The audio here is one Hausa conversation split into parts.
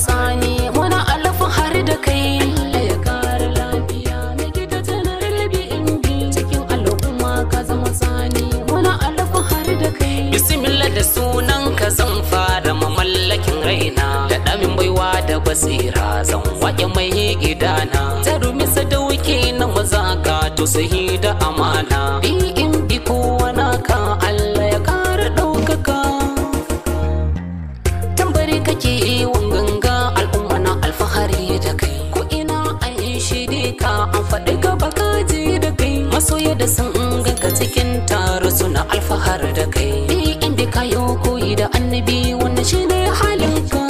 tsani muna alafin har da kai ya kare lafiya na gida ta na ralabi inji cikin al'umma ka zama tsani muna alafin har da kai bismillah da sunanka zan fara mamallakin raina da damin baiwa da basira zan waƙe mai gidana ta rumisa na maza ka to da amana Allah ya kara ɗaukaka tambari kake iwa da sun ganka cikin taro suna alfahar da kai ni inda yi koyi da annabi wannan shi ne halinka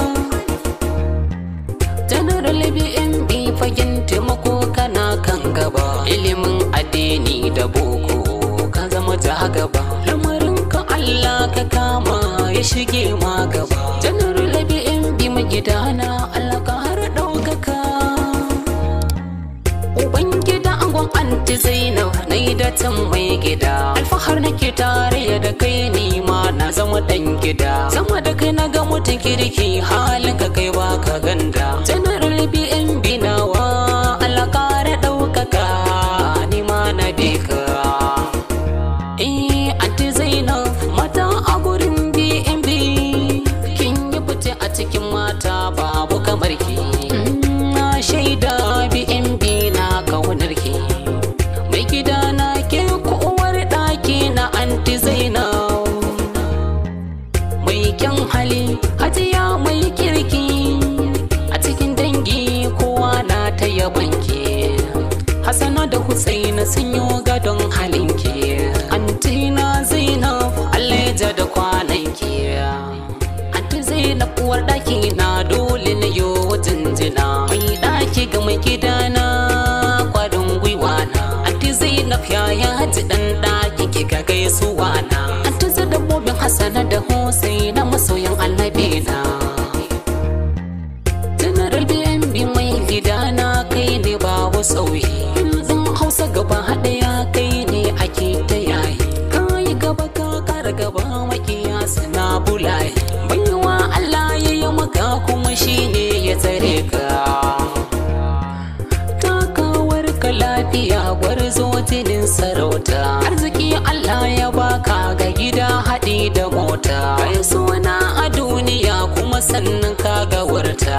general bnb fagen taimako kana kan gaba ilimin addini da boko ka zama ta gaba lamarin ka allah ka kama ya shige ma gaba general bnb gidana allah anti zainab nai da datan mai gida alfahar nake tare da kai ni ma na zama dan gida zama da kai na ga mutum kirki halin ka kai baka ganda kyan hali hajiya mai kirki a cikin dangi kowa na ta yabanki hasana da husaina sun yi gadon halinki antina zainab alleja da kwananki anti zainab uwar daki na dole na yo jinjina mai daki ga mai gidana kwarin gwiwa na anti zainab ya haji dan sanar da Hussein na masoyan Allah lafiya gwarzo tinin sarauta arziki Allah ya baka ga gida haɗi da mota kai suna a duniya kuma sannan ka gawarta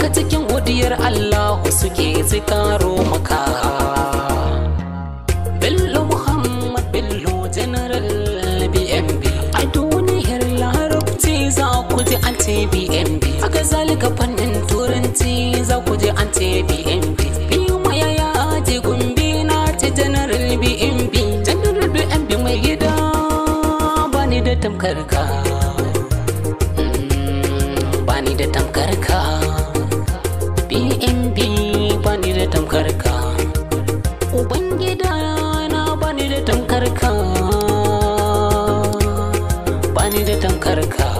ka cikin godiyar Allah suke zikaro maka Bello Muhammad Bello General BMB a duniyar za ku an zalika fannin turanci za ku je an ce tamkar ka mm, bani da tamkar ka bnb bani da tamkar ka ubangida na bani da tamkar ka bani da tamkar ka